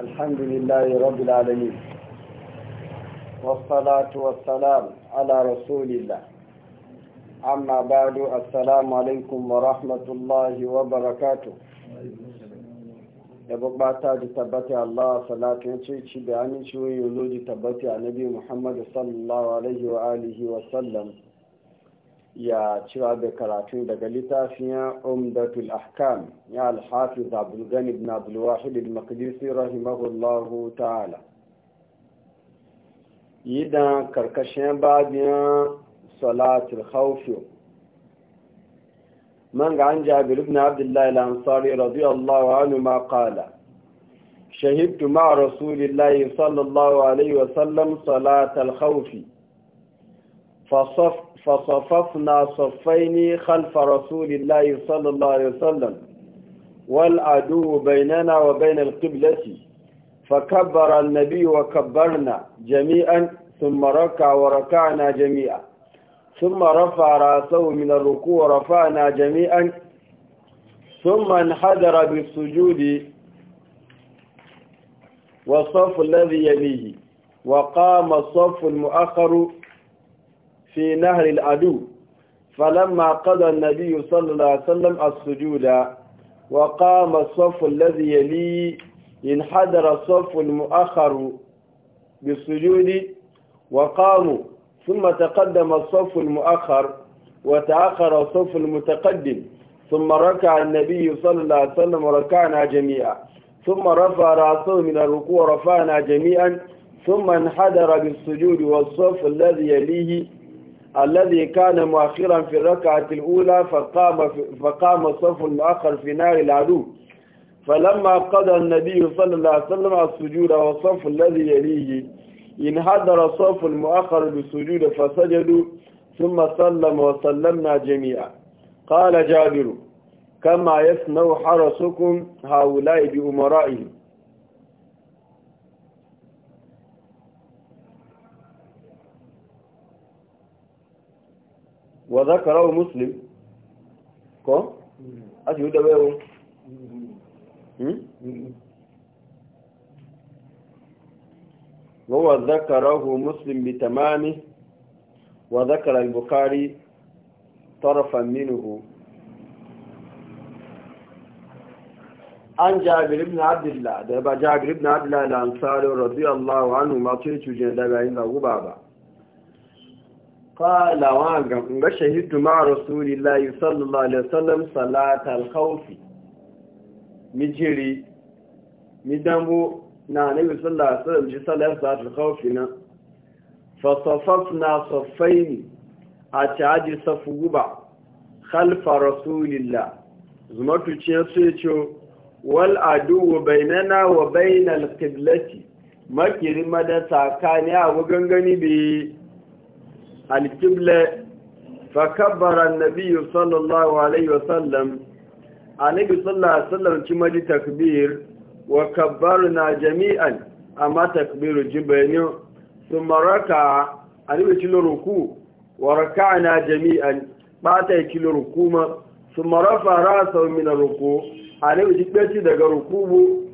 الحمد لله رب العالمين والصلاة والسلام على رسول الله أما بعد السلام عليكم ورحمة الله وبركاته da bukata da tabbata Allah salatu ya ce ci da aminci wayo lodi tabbata a nabi Muhammadu sallallahu alaihi wa alihi wa sallam يا شراب كراتين دقلتا في أمدة الأحكام يا الحافظ عبد الغني بن عبد الواحد المقدسي رحمه الله تعالى إذا كركشين بعد صلاة الخوف من عن جابر بن عبد الله الأنصاري رضي الله عنه ما قال شهدت مع رسول الله صلى الله عليه وسلم صلاة الخوف فصفت فصففنا صفين خلف رسول الله صلى الله عليه وسلم والعدو بيننا وبين القبلة فكبر النبي وكبرنا جميعا ثم ركع وركعنا جميعا ثم رفع رأسه من الركوع ورفعنا جميعا ثم انحدر بالسجود والصف الذي يليه وقام الصف المؤخر في نهر العدو فلما قضى النبي صلى الله عليه وسلم السجود وقام الصف الذي يليه انحدر الصف المؤخر بالسجود وقاموا ثم تقدم الصف المؤخر وتأخر الصف المتقدم ثم ركع النبي صلى الله عليه وسلم وركعنا جميعا ثم رفع رأسه من الركوع رفعنا جميعا ثم انحدر بالسجود والصف الذي يليه الذي كان مؤخرا في الركعة الأولى فقام, فقام صف الآخر في نار العدو فلما قضى النبي صلى الله عليه وسلم السجود والصف الذي يليه انحدر صف المؤخر بالسجود فسجدوا ثم سلم وسلمنا جميعا قال جابر كما يصنع حرسكم هؤلاء بأمرائهم وذكره مسلم كو أشهد بيهم هو ذكره مسلم بتمامه وذكر البخاري طرفا منه عن جابر بن عبد الله ده جابر بن عبد الله الأنصاري رضي الله عنه ما تيتو جنة دابا عند أبو بابا qala wa ga ga shahidu ma rasulillahi sallallahu alaihi wasallam salatal khawfi mijiri midambo na nabi sallallahu alaihi wasallam ji salatal khawfi na fa safafna saffaini a caji safu guba khalfa rasulillah zumatu ce sai ce wal aduwu bainana wa bainal qiblati makiri madata kani a gangani bi alkibla fakabbara nabiyu sallallahu alaihi wasallam annabi sallallahu alaihi wasallam cima ji takbir wa kabbarna jami'an amma takbiru jibainu thumma raka annabi cilo ruku wa raka'na jami'an bata cilo rukuma thumma rafa ra'sahu min ruku annabi jibeci daga rukubu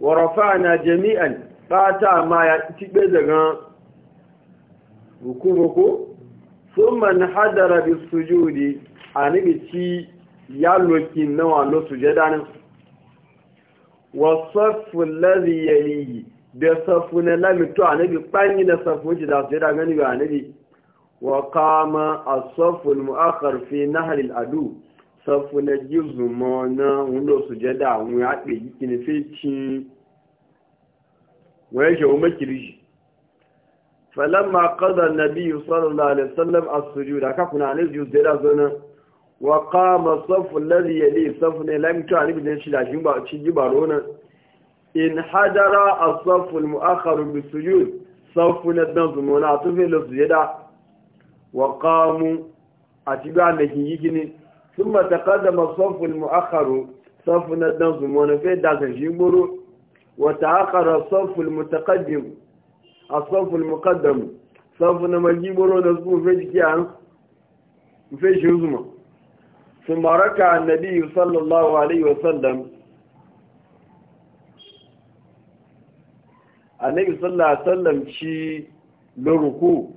wa rafa'na jami'an bata ma ya tibe daga ruku-ruku sun man hadara bi sujudi a ci ya loki nawa lo sujada nan wa safu ya yalihi da safu na lamito a nabi ɓanyi na safu ji da sujada gani a nabi wa kama a safu mu'akar fi naharil adu safu na gizu ma na wundo sujada wani haɗe yi kinifin cin wani shi o kirishi Falan qada an-nabiy sallallahu alaihi wasallam as-sujuda ka kuna ne ju da zuna wa qama safu alladhi yali safu ne lam ta ali bin shi da shi ba ci in hadara as-safu al-mu'akhkhar bis na dan zuna to fe lo zuda wa qamu atiba ne yi gini thumma taqaddama as-safu al-mu'akhkhar safu na dan zuna fe da shi goro wa ta'akhkhara as-safu al-mutaqaddim a sanfin mukaddam sanfin na mai jimoro da su fe shi zuma su maraka annabi sallallahu alaihi wasallam annabi sallallahu alaihi wasallam ci luruku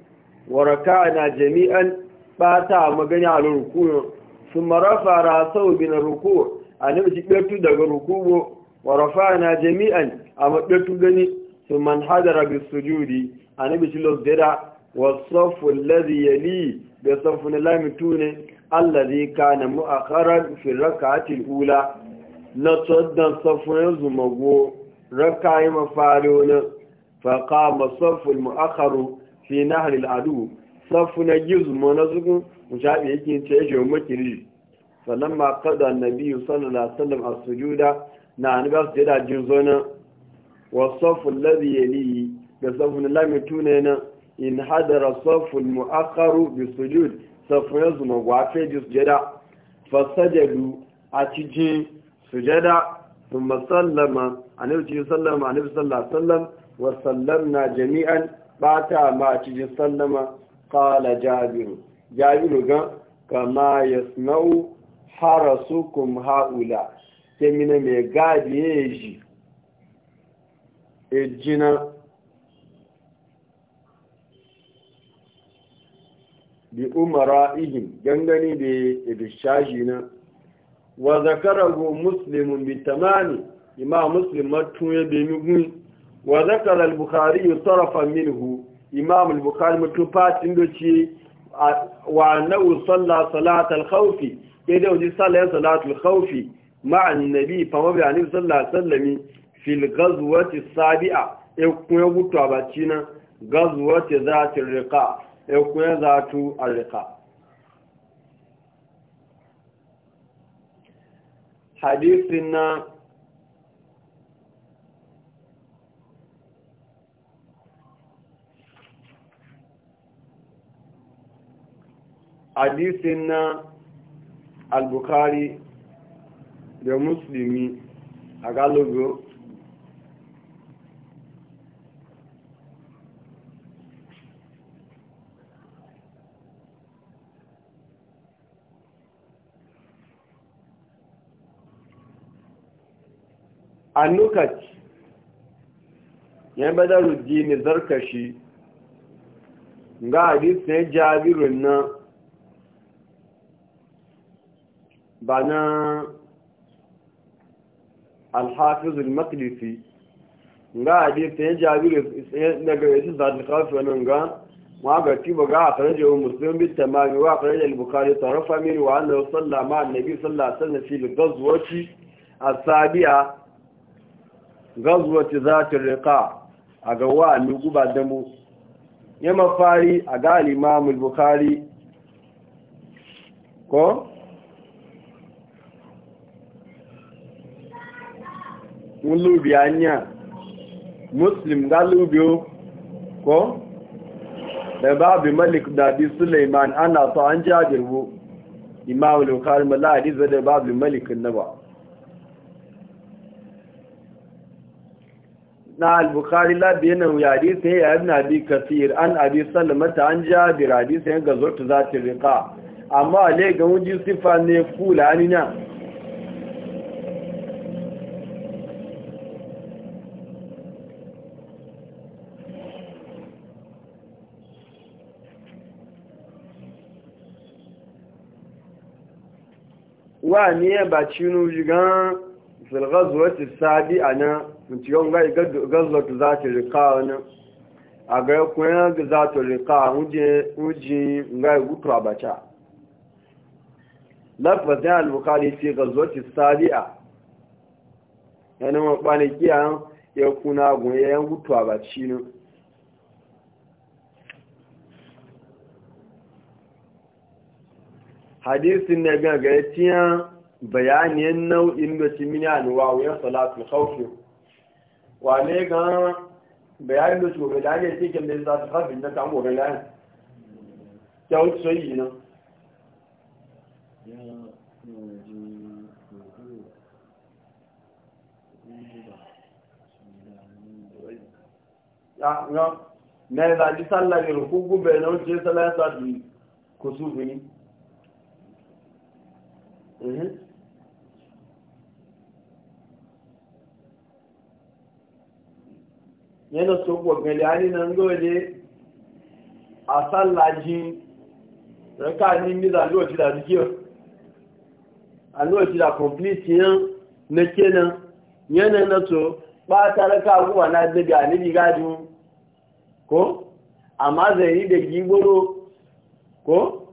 waraka na jami'an bata magana a luruku su marafa rasau bi na ruku annabi shi ɓertu daga ruku bo na jami'an a maɓertu gani Su man hadara bi sujudi annabi shi los dira wa safu ya li da safu na na mu a karar fi a cikin ula na tsaddan safu zumago "Rak'a yi mafari wani fa ma safu a muakharu fi na halil adu safu na yuzmo na zugun mushabi yake ce shi makiri sannan ma kada nabi sallallahu alaihi wasallam a sujuda na anibas sujada jin zonan والصف الذي يليه بصف لم يتونينا إن حضر الصف المؤخر بالسجود صف يزم وعفيد سجدا فسجدوا أتجين سجدا ثم سلم النبي صلى الله عليه وسلم وسلمنا جميعا بعد ما أتجين سلم قال جابر جابر كما يسمع حرسكم هؤلاء كمن ميغادي يجي ejina bi umara ihim gangani da idishaji na wa zakarahu muslimun bi tamani imam muslim matun ya bi gun wa zakara al-bukhari sarafan minhu imam al-bukhari matun fatin doci wa annahu salla salat al-khawf idan ji salla salat al-khawf ma'a an-nabi fa mabi an sallallahu alaihi fil gazuwati sabi'a ekun egutu abaci na gazuwati za ta rika ekun ya za a rika e hadisin na hadisin na al-bukhari da musulmi a galogo annukat ya badaru dini zarkashi ga hadisi ya jabirun na ba na alhafizul makilisi ga hadisi ya jabirun daga yasi zadikafi wani ga magati ba ga akaraje wa muslim bi tamami wa akaraje al-bukhari tarafa min wa annahu sallama an-nabi sallallahu alaihi wasallam fi al-ghazwati as-sabi'a gazuwati za ta riƙa a ga wa mi guba damu ya mafari a ga al'imamul bukari ko? lubi anya muslim ga lubi ko? da babu malik dadi suleiman ana so an jajirwo imamul bukari mala zai da babu malik na ba na al-bukhari labiyan yari sai ya ibn abi kathir an abi sallamata an jabir hadisi yanga za ta riqa amma le ga wuji sifa ne fulani na wa ne ba cinu jigan filgazuwar tisabi a nan ntiyon gai gazzotu za ta rika wani a ga kuyan e ga za ta rika wuji gai gutu a bacha lafazin al-bukhari ce gazzotu sari'a yana ma kwanaki a ya kuna gunye yan gutu a bacci ne hadisin na gaggaciyan bayanin nau'in da salatu wane gan bayanin da shugaban da ake cikin da za su harbin na samu gobe layan ya wuce soyi nan ya ya na yi zaji sallah ne rukun gube na wuce sallah ya sa su kusurbi ne yana so gwagali hali nan gole a sallaji raka ni niza lokaci da zikiyar a lokaci da complete yan na kenan yana na so ba ta raka kuma na daga ni gadi ko amma zai yi da giboro ko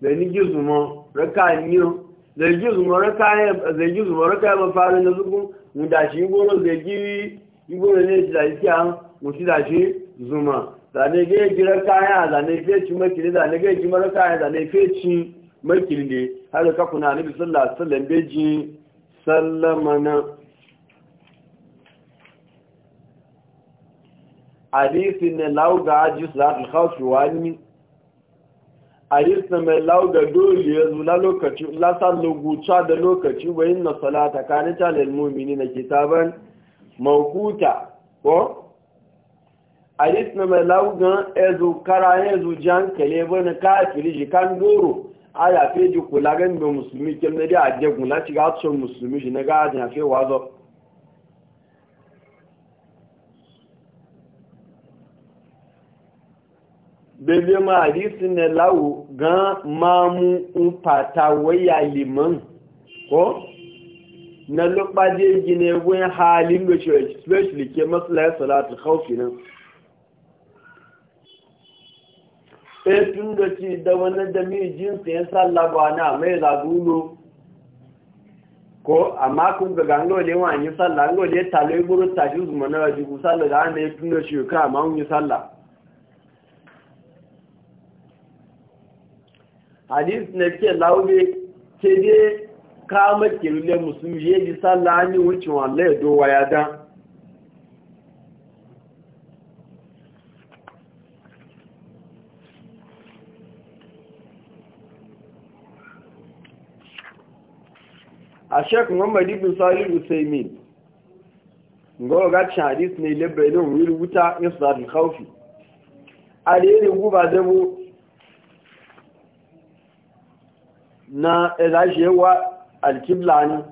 zai ni gizuma raka ni zai gizuma raka ya mafarin na zuku da shi goro zai giri igbo ne ne shi da shi an mutu da shi zuma zane ga ya jira kaya zane feci makili zane ga ya ji mara kaya zane feci makili ne har da kakuna na bi sallah sallan beji sallama na hadisi ne lauga aji salatul khawfi wani hadisi mai lauga dole ya zula lokaci lasa luguta da lokaci bayin na salata kanita lil ke taban. mawkuta ko hadis na mai laugan ezu kara ezu jan kale bane kafiri ji kan doro aya fe ji kula gan be musulmi kem na da aje kula ci ga tso musulmi ji na ga ja fe wazo bebe ma hadisi na lau gan mamu un pata waya liman ko na lokpaje gine wen halin da church especially ke maslahar salatu khawfi nan e tun da ci da wannan da mai jinsu ya sallaba na mai zagulo ko amma kun ga ne wa yin sallah gangole talo yi buru tashi mu na waje ku sallah da ana yi tun da shi ka amma yi sallah hadis na ke laube ke dai kama kirle musulmi ya ji sallah ni wuce wa ya dowa ya dan a sheik muhammad ibn salih usaimin ga gacin hadis ne labarin wuri wuta su zafi kawfi a da yi guba dabo na ɗazashewa eh, alkibla ni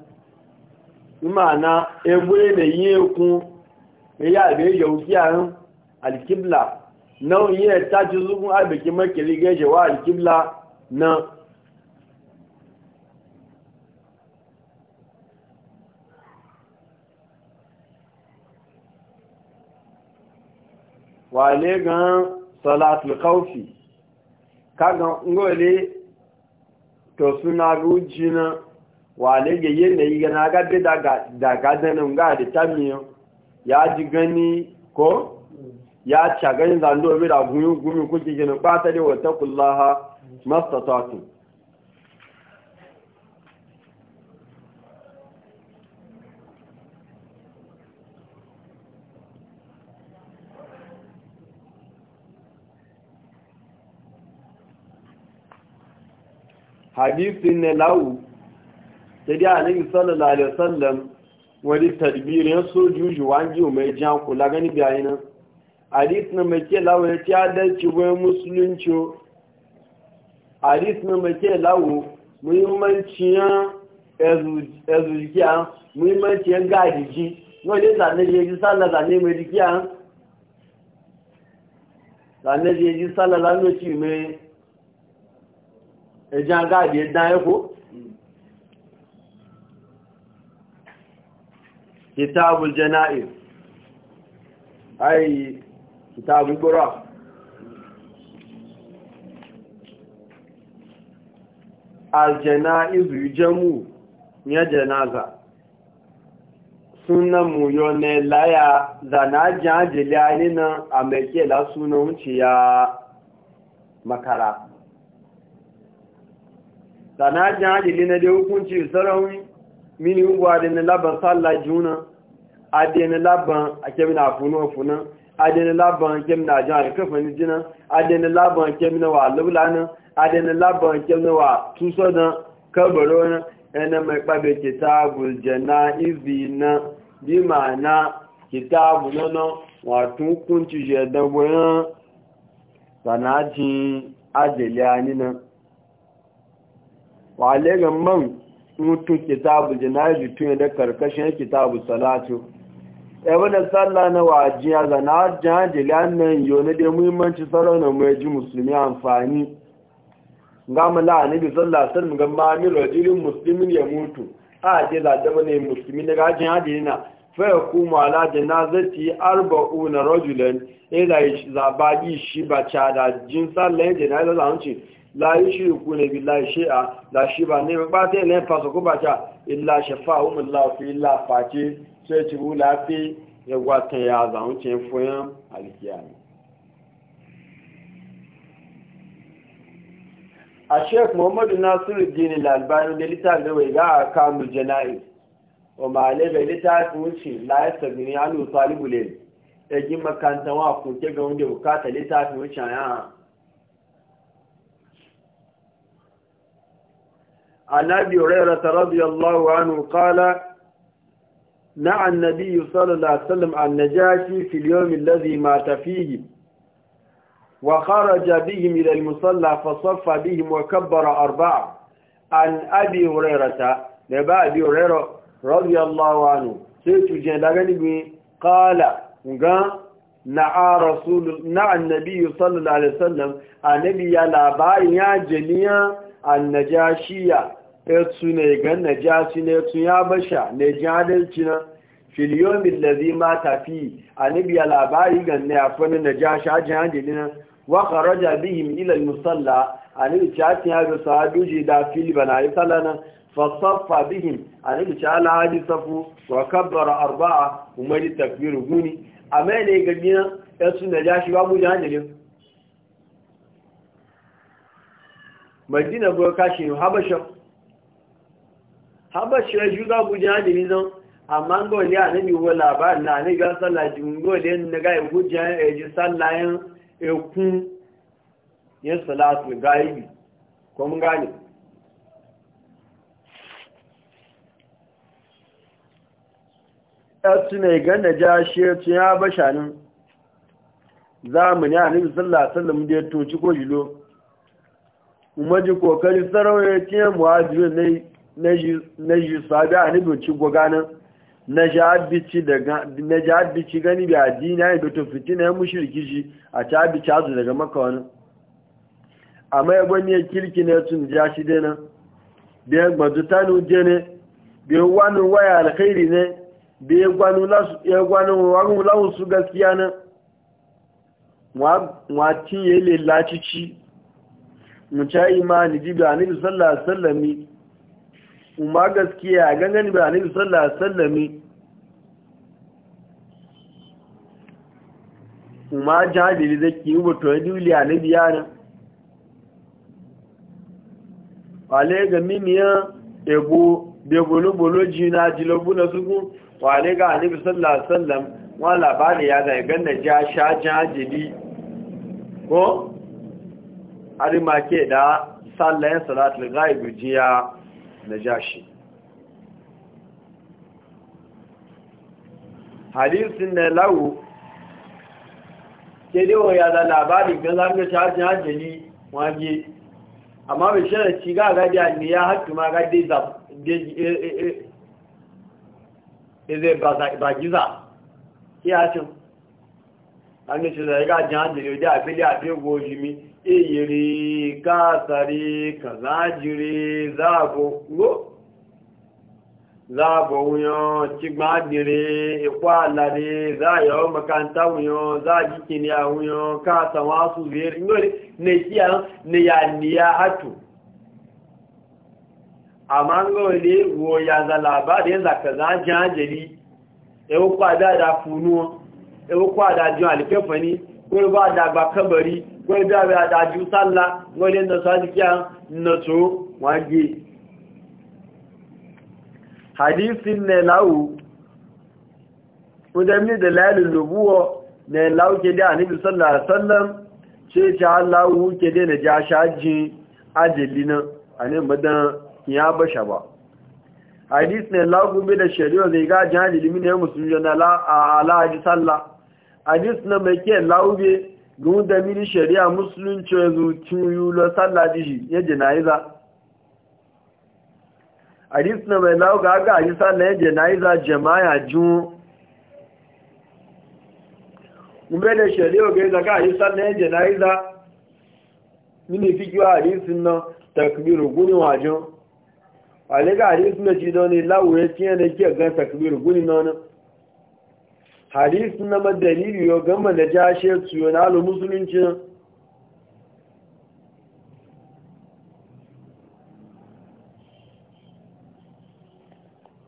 imana ebe na yi ekun ya abe yau kiyayen alkibla nau'in ya ta ci zukun abikin makiri gaje wa alkibla na wale gan salatul kaufi kagan ngole to suna rujina wale ga yanayi ga na gaɗe da gadanin ga da tamiyo ya ji gani ko ya ci ganin zando bi da gumi gumi kuke gina ɓata da wata kullaha mastatatu hadisin na lau. sai dai annabi sallallahu alaihi wasallam wani tadbirin sojuji wangi mai jan kula gani bayi nan hadis na mai ke lawo ya ci adalci wai musulunci hadis na mai ke lawo muhimmanciyan ezujikiya muhimmanciyan gadiji wani zane je ji sallallahu alaihi mai jikiya zane je ji sallallahu alaihi mai ejan gadi ya dan ya ko Kitabu jana'iz ai Kitabu qura al jana'iz yujamu ya janaza sunan mu yo ne laya zana jajili alina ameke la sunan wuciya makara zana jajili na da hukunci sarauni mini ugwa da na laban sallah juna ade na laban a akem na funu a funu ade na laban akem na jan kafa ni jina ade na laban akem na wa lulana ade na laban akem na wa tuso na kabaro na ene mai pabe kitabul janaizi na bi na kitabu nono wato kunci je da boyan sanajin ajeliya ni na wa legan man mutu kitabu jinaji tun da karkashin kitabu salatu wani sallah na wajiya ga na jajiliyan nan yi wani da muhimmanci sarrauna mai ji musulmi amfani ga mala annabi sallah sun ga mami rajulin musulmi ya mutu a ce za ta musulmi daga ajin hadina fa yakumu ala janazati arba'una rajulan ila e yi shi ba cha da jin sallah janaza zan ce la yi shi bi la shi ba ne ba ta ilayin faso ko ba ta illa shafa umar lafi illa face sai ci bu lafi ya gwata ya zaun ce foyan alkiya ne a sheik muhammadu nasiru dini lalbani da littafi da waiga a kamun jana'i o ma alebe littafi wuce lai sabini ya nusa libule egin makantawa kuke ga wanda bukata littafi wuce a yana عن أبي هريرة رضي الله عنه قال نعى النبي صلى الله عليه وسلم عن نجاشي في اليوم الذي مات فيه وخرج بهم إلى المصلى فصف بهم وكبر أربعة عن أبي هريرة نبا أبي هريرة رضي الله عنه سيتو جندغني قال نعى رسول نعى النبي صلى الله عليه وسلم النبي يا لابا يا جميع النجاشيه etu ne gan si ne etu ya basha ne china na filiyomin lazi ma fi a nibiya labari gan ne a ja sha a de na wa kharaja bihim ila al-musalla go sa du ji da fil bana fa saffa bihim ja chala hadi safu wa kabbara arba'a li takbir guni amene gadina mu najashi de ne madina go kashi habasha habashira juga guja da nizan amma gole a nan wa labarin na nabi gan sallah jin gode na ga guja ya ji sallayen ekun yin salatu gaibi ko mun gane ne gan da ja shi ya ce ya basha nan zamani a yi sallah sallam da ya toci ko jilo umarji kokari sarawar ya ce na ne na yi sabi a ni ci gwaganin na ji abici gani bi addini ya beto fitina ya mushi rikici a ci abici azu daga maka wani amma ya gwani ya kirki na tun ja shi dai gbazu ta gbazutanu uje ne biya wani waya alkhairi ne biya gwani wani lahun su gaskiya na. mwacin ya yi lalacici mu ca imani jibi a nilu sallah sallami umar gaskiya a gangan da annabi sallallahu alaihi wasallam umar jahili zaki ubo to yuli annabi yana wale ga mimiya ebo bebolo jina jilobu na suku wale ga annabi sallallahu alaihi wasallam wa labari ya ga ganna ja sha jahili ko ari make da sallayen salatul ghaib jiya najashi hadisin na lawo ke dewa ya da labarin gan zamu ta hajji hajjali waje amma bai shirin ci ga gadi a ne ya haƙi ma gadi za ɗaya eh, eh, eh, ba giza ya cin an da shi zai gajin hajjali wajen abili a fi goji mi iyiri kasari kazajiri zaabo wo zaabo wuyan cigbadiri ikwa alari zayo makanta wuyan zaji kiniya wuyan kasa wasu ziyar nori ne kiya ne ya niya hatu amma ngole wo ya za labarin za ji janjeli ewu kwada da funu ewu kwada jiwa alifefani ko ba da ba kabari wọ́n bí àwẹ̀ àdájú sálà wọ́n lè nà a nà tó wọ́n gé hadisi nà láwù wọ́n jẹ́mí da láìlú lòbúwọ́ nà kéde àníbi sọ́lá sọ́lám ṣe ṣe aláwù kéde nà já ṣáájín mọ́dán da na hadisi na gun da mini shari'a musulunci zucin yulo sallah dishi ya jana'iza hadis na mai lauga aga hadis sallah ya jana'iza jama'a jun umbe da shari'a ga yaza ga hadis sallah ya jana'iza mini fikiwa hadisin nan takbiru guni wajen wale ga hadisin na ci don ne lawo ya ciyar da ke gan takbiru guni na wani hadisi na madalili yau gama da jashe su na alu musulunci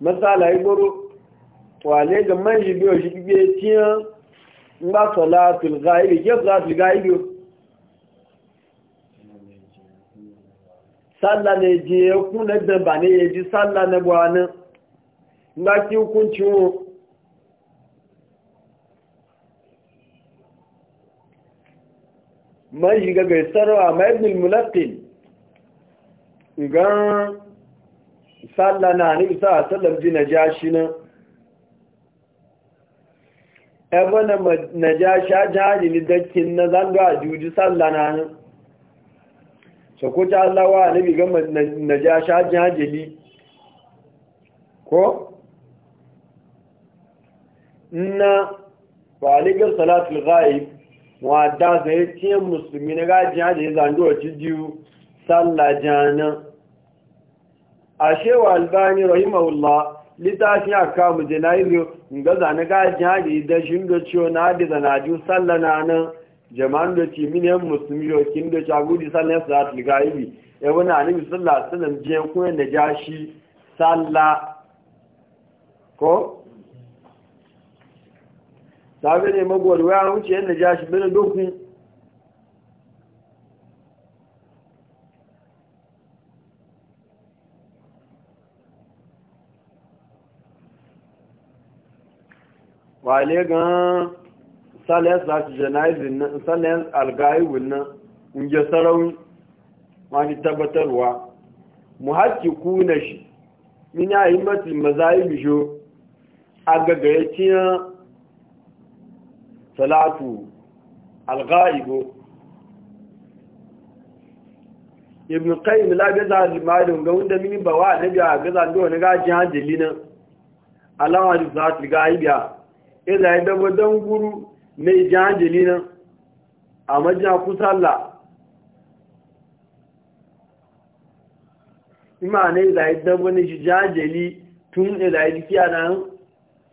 matsala igoro wale ga man shi biyo shi biye tiyan n ba salatul gaibi ke salatul gaibi sallah ne je kuna da ba ne ya ji sallah na buwanin n ba ki hukunci wo man shiga gaisarwa ma ibn al-mulaqqin gan sallana ni bisa sallam ji najashi nan ebe na najashi ajaji ni dakin na zango a juji sallana nan sakuta allawa ni bi gan najashi ajaji ni ko na ba a aligar salatul ghaib wadda zai tiye musulmi na gajiya da ya zandu a cijiyu sallajana a shewa albani rahimahullah littafin aka mu janairu na zane gajiya da idan shi da ciwo na da zanaju sallana na jama'an da ci miliyan musulmi yokin da shagudi sallan su zata liga ibi ya e wani anibi sallah sallan jiyan kuma da ja shi sallah ko sabe ne magwarwa ya wuce yadda ja shi bane dokun. wale gan salas da su janizin nan sales algaiwin nan inge sarauni wani tabbatarwa mu haƙƙi kuna shi mina yi mafi mazayi bisho a gagayacciyar salatu ghaibu ibn qayyim la gaza limalin ga wanda mini ba wa annabi a gaza ndo ne gaji hanjili nan alawa ni zat ghaibiya ila e ya dabo dan guru mai jahanjili nan a majina salla. ima ne ila ya dabo ne shi jahanjili tun ila ya dikiya nan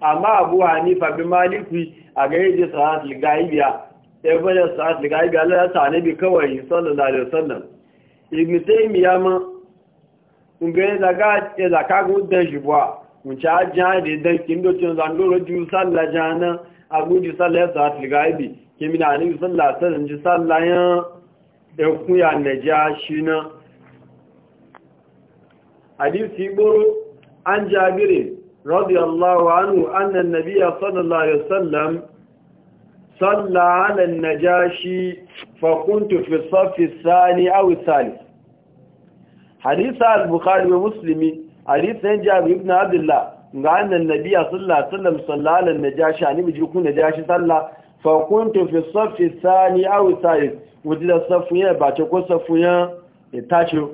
amma abu hanifa bi maliki a gare da sa'ad ligaibiya ya bada sa'ad ligaibiya Allah ya sane bi kawai sallallahu alaihi wasallam ibn taymiya ma ga ce da ka go da jibwa mun cha jani da kin do tun zan do ju sallah jana abu ji sallah sa'ad ligaibi kimi na ni sallah sallan ji sallah ya ya kuya shi na hadisi boro an jabirin رضي الله عنه أن النبي صلى الله عليه وسلم صلى على النجاشي فكنت في الصف الثاني أو الثالث حديث البخاري ومسلم حديث جابر بن عبد الله أن النبي صلى الله عليه وسلم صلى على النجاشي يعني بيجيكم نجاشي صلى فكنت في الصف الثاني أو الثالث وجد الصف يا باتكو صف يا تاشو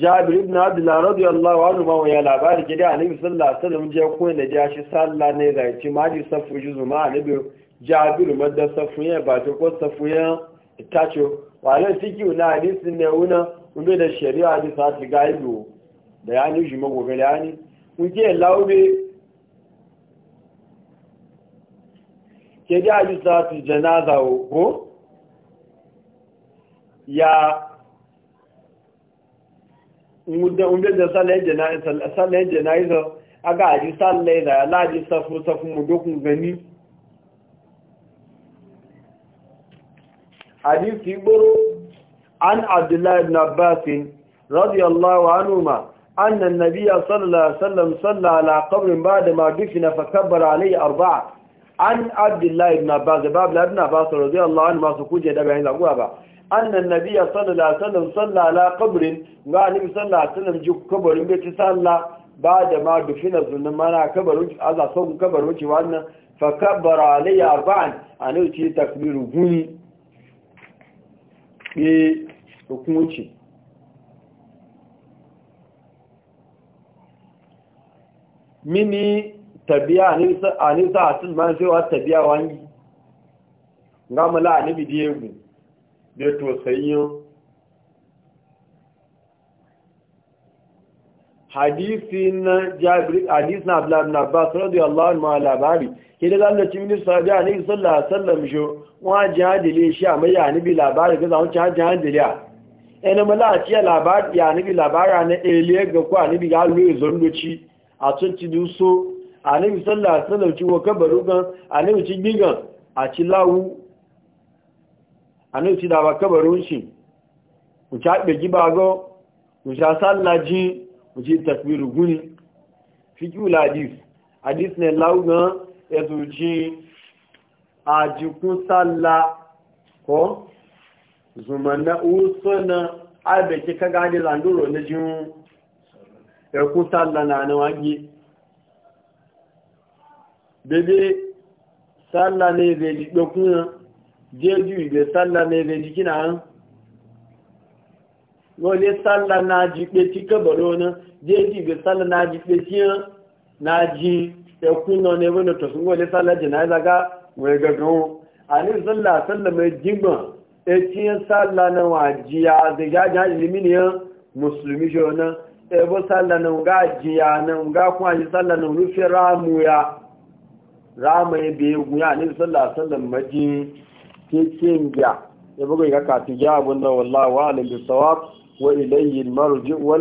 jabir ibn abdullah radiyallahu anhu ba wa ya labari gida annabi sallallahu alaihi wasallam je ko ne ja shi sallah ne da ci maji safu juzu ma annabi jabir madda safu ya ba ta ko safu ya tacho wala siki na hadisin ne una unbe da shari'a da sa ta gaibu da ya ni shi mago gala ni kun je laube ke da ji sa ta janaza ko ya umbe da sallayen jana'izar aga aji sallaye da alaji safu-safu mu gani hadisi gboro an abdullahi radiyallahu anuma أن النبي صلى الله عليه وسلم صلى على قبر بعد ما دفن فكبر عليه أربعة عن عبد الله بن عباس باب ابن عباس رضي الله عنه سكوجه دبا annan nabiya sallallahu alaihi wasallam salla ala qabrin ga annabi sallallahu alaihi wasallam ji kabarin bai ci salla ba da ma dufina mana kabarin aza son kabarin ci wannan fa kabbara alayya arba'an annabi ci takbiru guni be hukunci mini tabiya anisa anisa sai wa tabiya da tosayin hadisi jabir hadisi na abdullahi ibn abbas radiyallahu anhu ma labari ke da zalla ci minister sabi alaihi sallallahu alaihi wasallam jo wa jadile shi amma ya ni bi labari ga zamu ci jadile a ene mala ci labari ya ni bi labari na eliye ga ku ani bi ga lu e zondoci a tun ci duso alaihi sallallahu alaihi wasallam ci wa kabaru gan alaihi ci gigan a ci lawu annabi ci da ba kabarin shi mu ci haɓe gibago mu sha sallaji mu ci tasbiru guni fikiyu ladis hadis ne laugan ya e zuci a jikun salla ko zumana usuna abeke ka gadi landuro na jin ẹkún e salla na na wagi bebe salla ne zai jiɗe kunan jeju ibe salla na ebe jiki na an wole salla na ji pe ti kebolo na jeju ibe salla na ji pe ti an na ji eku na ne wani tosun wole sallah jina ya zaga wani gagan wu a ni sallah sallah mai jigba e ti yan sallah na wa ji a? ya ziga ji an ilimi ne yan musulmi shi wani ebo salla na ga ji a? na ga kuma ji salla na fi ra mu ya ramu ya biyu ya ni salla sallah sallah ji? cikin ya ya buga ga kati ya abun da wallahi wa alim bisawab wa ilayhi marji wal